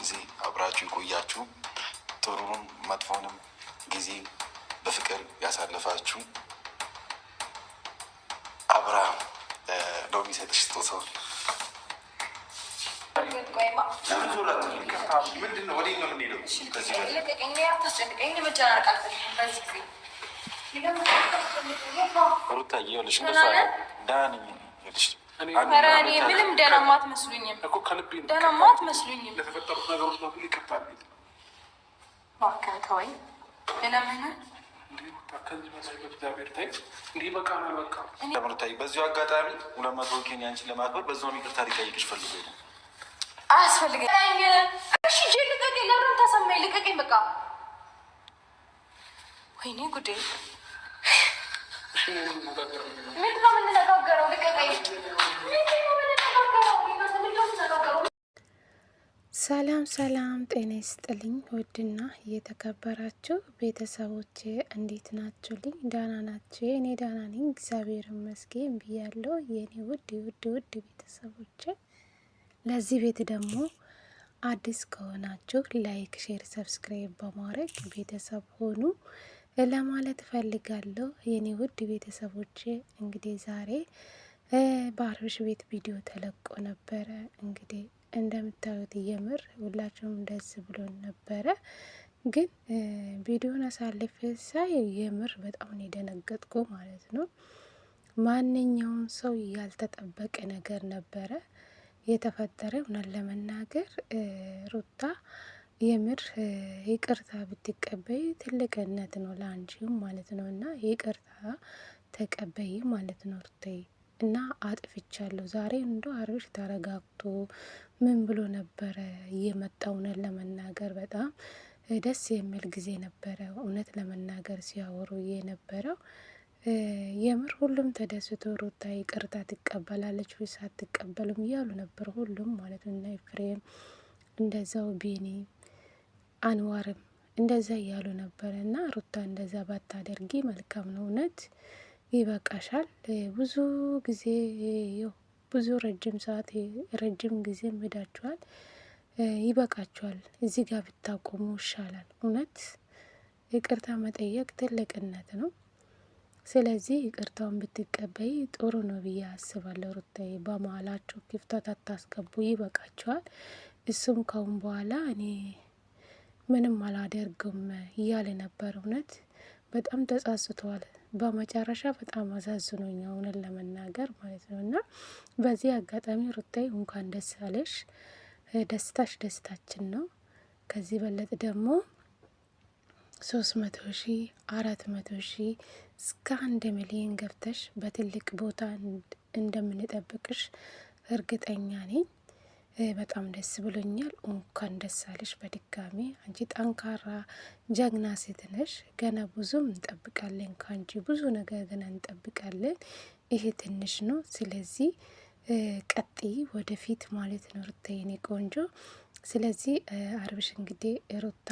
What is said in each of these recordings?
ጊዜ አብራችሁ የቆያችሁ ጥሩም መጥፎንም ጊዜ በፍቅር ያሳለፋችሁ አብራ ነው የሚሰጥሽ ስጦታውን ሩታ ዳን ምንም ደህናማ አትመስሉኝም፣ ደህናማ አትመስሉኝም። ለተፈጠሩት ነገሮች በሙሉ ይቅርታ ተወኝ። ለምን ተምርታይ በዚሁ አጋጣሚ ሁለት መቶ ኬን አንቺን ለማክበር በዚም ይቅርታ ሊጠይቅሽ ፈልጎ ነው። ልቀቀኝ፣ ለምን ተሰማኝ? ልቀቀኝ በቃ። ወይኔ ጉዴ ሰላም ሰላም፣ ጤና ይስጥልኝ ውድና እየተከበራችሁ ቤተሰቦቼ እንዴት ናችሁልኝ? ዳና ናችሁ? እኔ ዳና ነኝ፣ እግዚአብሔር ይመስገን ብያለሁ። የእኔ ውድ ውድ ውድ ቤተሰቦቼ ለዚህ ቤት ደግሞ አዲስ ከሆናችሁ ላይክ፣ ሼር፣ ሰብስክራይብ በማድረግ ቤተሰብ ሆኑ። ለማለት ፈልጋለሁ። የኔ ውድ ቤተሰቦቼ እንግዲህ ዛሬ በአብርሽ ቤት ቪዲዮ ተለቆ ነበረ። እንግዲህ እንደምታዩት የምር ሁላችሁም ደስ ብሎን ነበረ። ግን ቪዲዮን አሳልፍ ሳይ የምር በጣም ነው የደነገጥኩ ማለት ነው። ማንኛውም ሰው ያልተጠበቀ ነገር ነበረ የተፈጠረ። እውነት ለመናገር ሩታ የምር ይቅርታ ብትቀበይ ትልቅነት ነው ለአንቺም ማለት ነው። እና ይቅርታ ተቀበይ ማለት ነው ሩታዬ። እና አጥፍቻለሁ ዛሬ እንዶ አብርሽ ተረጋግቶ ምን ብሎ ነበረ እየመጣውነን ለመናገር በጣም ደስ የሚል ጊዜ ነበረ። እውነት ለመናገር ሲያወሩ የነበረው የምር ሁሉም ተደስቶ ሩታ ይቅርታ ትቀበላለች ወይ ሳትቀበልም እያሉ ነበር ሁሉም ማለት ነው። እና ኤፍሬም እንደዛው ቢኒ አንዋርም እንደዛ እያሉ ነበረ እና ሩታ እንደዛ ባታደርጊ መልካም ነው፣ እውነት ይበቃሻል። ብዙ ጊዜ ብዙ ረጅም ሰዓት ረጅም ጊዜ ምዳችኋል። ይበቃችኋል። እዚህ ጋር ብታቆሙ ይሻላል። እውነት ይቅርታ መጠየቅ ትልቅነት ነው። ስለዚህ ይቅርታውን ብትቀበይ ጥሩ ነው ብዬ አስባለሁ። ሩታዬ በመሀላችሁ ክፍተት አታስገቡ፣ ይበቃችኋል። እሱም ካሁን በኋላ እኔ ምንም አላደርግም እያለ ነበር። እውነት በጣም ተጸጽቷል። በመጨረሻ በጣም አሳዝኖኝ እውነት ለመናገር ማለት ነው። እና በዚህ አጋጣሚ ሩታዬ እንኳን ደስ አለሽ። ደስታሽ ደስታችን ነው። ከዚህ በለጥ ደግሞ ሶስት መቶ ሺ አራት መቶ ሺ እስከ አንድ ሚሊዮን ገብተሽ በትልቅ ቦታ እንደምንጠብቅሽ እርግጠኛ ነኝ። በጣም ደስ ብሎኛል። እንኳን ደስ አለሽ በድጋሚ። አንቺ ጠንካራ ጀግና ሴት ነሽ። ገና ብዙም እንጠብቃለን ከአንቺ ብዙ ነገር ገና እንጠብቃለን። ይሄ ትንሽ ነው። ስለዚህ ቀጢ ወደፊት ማለት ነው ሩታ የኔ ቆንጆ። ስለዚህ አብርሽ እንግዲህ ሩታ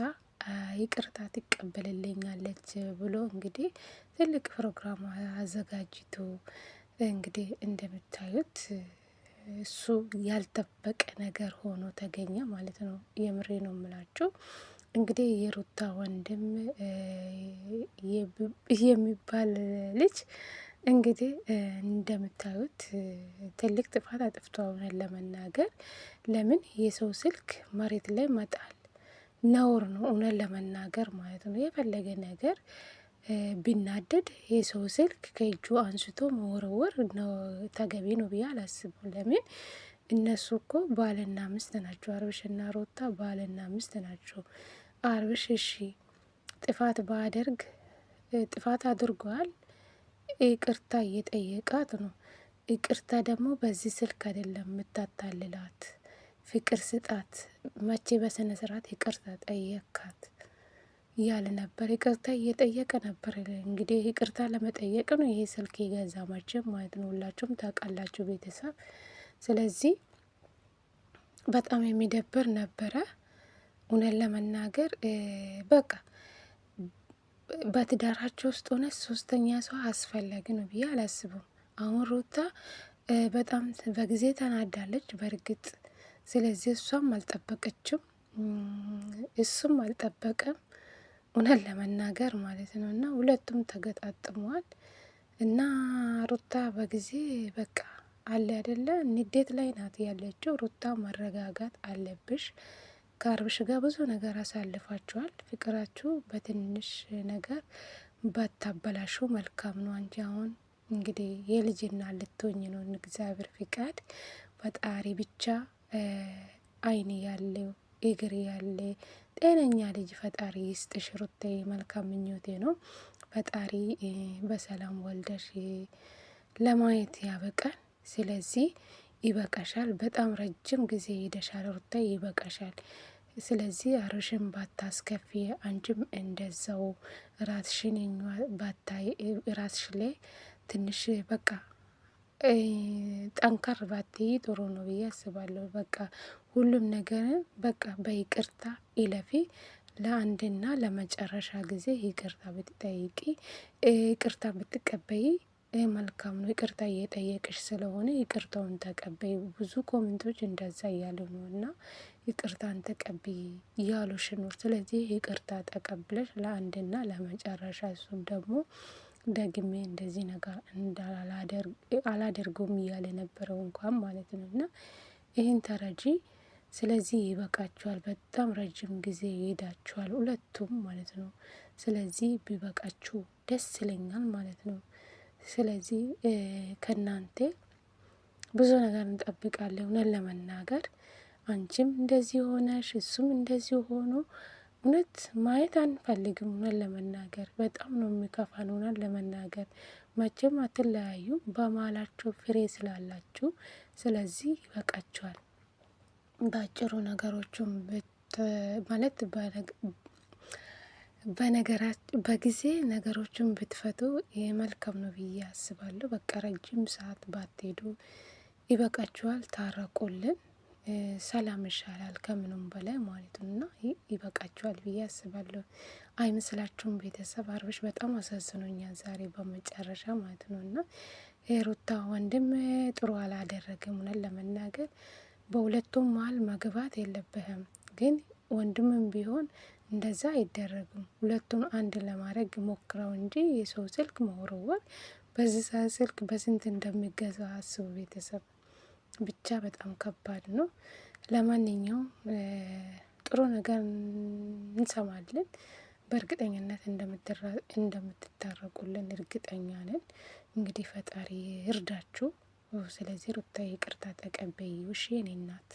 ይቅርታ ትቀበልልኛለች ብሎ እንግዲህ ትልቅ ፕሮግራም አዘጋጅቶ እንግዲህ እንደምታዩት እሱ ያልጠበቀ ነገር ሆኖ ተገኘ ማለት ነው። የምሬ ነው የምላችሁ። እንግዲህ የሩታ ወንድም የሚባል ልጅ እንግዲህ እንደምታዩት ትልቅ ጥፋት አጥፍቷል። ለመናገር ለምን የሰው ስልክ መሬት ላይ መጣል ነውር ነው፣ እውነን ለመናገር ማለት ነው። የፈለገ ነገር ቢናደድ የሰው ስልክ ከእጁ አንስቶ መወረወር ተገቢ ነው ብዬ አላስብም። ለምን እነሱ እኮ ባልና ምስት ናቸው። አብርሽና ሩታ ባልና ምስት ናቸው። አብርሽ እሺ ጥፋት ባደርግ ጥፋት አድርጓል። ይቅርታ እየጠየቃት ነው። ይቅርታ ደግሞ በዚህ ስልክ አይደለም የምታታልላት፣ ፍቅር ስጣት። መቼ በስነ ስርዓት ይቅርታ ጠየካት? እያለ ነበር። ይቅርታ እየጠየቀ ነበር። እንግዲህ ይቅርታ ለመጠየቅ ነው ይሄ ስልክ የገዛ መቼም ማለት ነው። ሁላችሁም ታውቃላችሁ ቤተሰብ። ስለዚህ በጣም የሚደብር ነበረ እውነት ለመናገር በቃ በትዳራቸው ውስጥ ሆነ ሶስተኛ ሰው አስፈላጊ ነው ብዬ አላስብም። አሁን ሩታ በጣም በጊዜ ተናዳለች በእርግጥ ስለዚህ እሷም አልጠበቀችም፣ እሱም አልጠበቀም። እውነት ለመናገር ማለት ነው እና ሁለቱም ተገጣጥመዋል እና ሩታ በጊዜ በቃ አለ አይደለ ንዴት ላይ ናት ያለችው። ሩታ መረጋጋት አለብሽ። ከአብርሽ ጋር ብዙ ነገር አሳልፋችኋል። ፍቅራችሁ በትንሽ ነገር ባታበላሹ መልካም ነው። አንቺ አሁን እንግዲህ የልጅና ልትሆኝ ነው። እግዚአብሔር ፍቃድ ፈጣሪ ብቻ አይን ያለው እግር ያለ ጤነኛ ልጅ ፈጣሪ ይስጥሽ ሽሩቴ መልካም ምኞቴ ነው። ፈጣሪ በሰላም ወልደሽ ለማየት ያበቃል። ስለዚህ ይበቃሻል። በጣም ረጅም ጊዜ ሄደሻል ሩታ፣ ይበቃሻል። ስለዚህ ባታ ባታስከፊ፣ አንቺም እንደዛው ራስሽን ባታይ ራስሽ ላይ ትንሽ በቃ ጠንከር ባትይ ጥሩ ነው ብዬ አስባለሁ። በቃ ሁሉም ነገርን በቃ በይቅርታ ይለፊ። ለአንድና ለመጨረሻ ጊዜ ይቅርታ ብትጠይቂ ይቅርታ ብትቀበይ መልካም ነው። ይቅርታ እየጠየቅሽ ስለሆነ ይቅርታውን ተቀበይ። ብዙ ኮሜንቶች እንደዛ እያሉ ነው እና ይቅርታን ተቀብይ እያሉሽ ነው። ስለዚህ ይቅርታ ተቀብለሽ ለአንድና ለመጨረሻ እሱም ደግሞ ደግሜ እንደዚህ ነገር አላደርገውም እያለ ነበረው እንኳን ማለት ነው። እና ይህን ተረጂ። ስለዚህ ይበቃችኋል፣ በጣም ረጅም ጊዜ ይሄዳችኋል ሁለቱም ማለት ነው። ስለዚህ ቢበቃችሁ ደስ ይለኛል ማለት ነው። ስለዚህ ከእናንተ ብዙ ነገር እንጠብቃለን እውነት ለመናገር አንቺም እንደዚህ ሆነሽ እሱም እንደዚህ ሆኖ እውነት ማየት አንፈልግም። እውነት ለመናገር በጣም ነው የሚከፋን። እውነት ለመናገር መቼም አትለያዩም። በማላቸው ፍሬ ስላላችሁ፣ ስለዚህ ይበቃችኋል። በአጭሩ ነገሮቹም ማለት በጊዜ ነገሮችን ብትፈቱ መልካም ነው ብዬ አስባለሁ። በቃ ረጅም ሰዓት ባትሄዱ ይበቃችኋል። ታረቁልን። ሰላም ይሻላል ከምንም በላይ ማለት ነው። እና ብዬ አስባለሁ። አይመስላችሁም? ቤተሰብ አብርሽ በጣም አሳዝኖኛል ዛሬ በመጨረሻ ማለት ነው። እና የሩታ ወንድም ጥሩ አላደረግም። ሆነን ለመናገር በሁለቱም መሀል መግባት የለብህም። ግን ወንድምም ቢሆን እንደዛ አይደረግም። ሁለቱም አንድ ለማድረግ ሞክረው እንጂ የሰው ስልክ መወርወር በዚህ ሰዓት ስልክ በስንት እንደሚገዛ አስቡ ቤተሰብ ብቻ በጣም ከባድ ነው። ለማንኛውም ጥሩ ነገር እንሰማለን። በእርግጠኝነት እንደምትታረቁልን እርግጠኛ ነን። እንግዲህ ፈጣሪ እርዳችሁ። ስለዚህ ሩታ ይቅርታ ተቀበይ። ውሽ የኔ እናት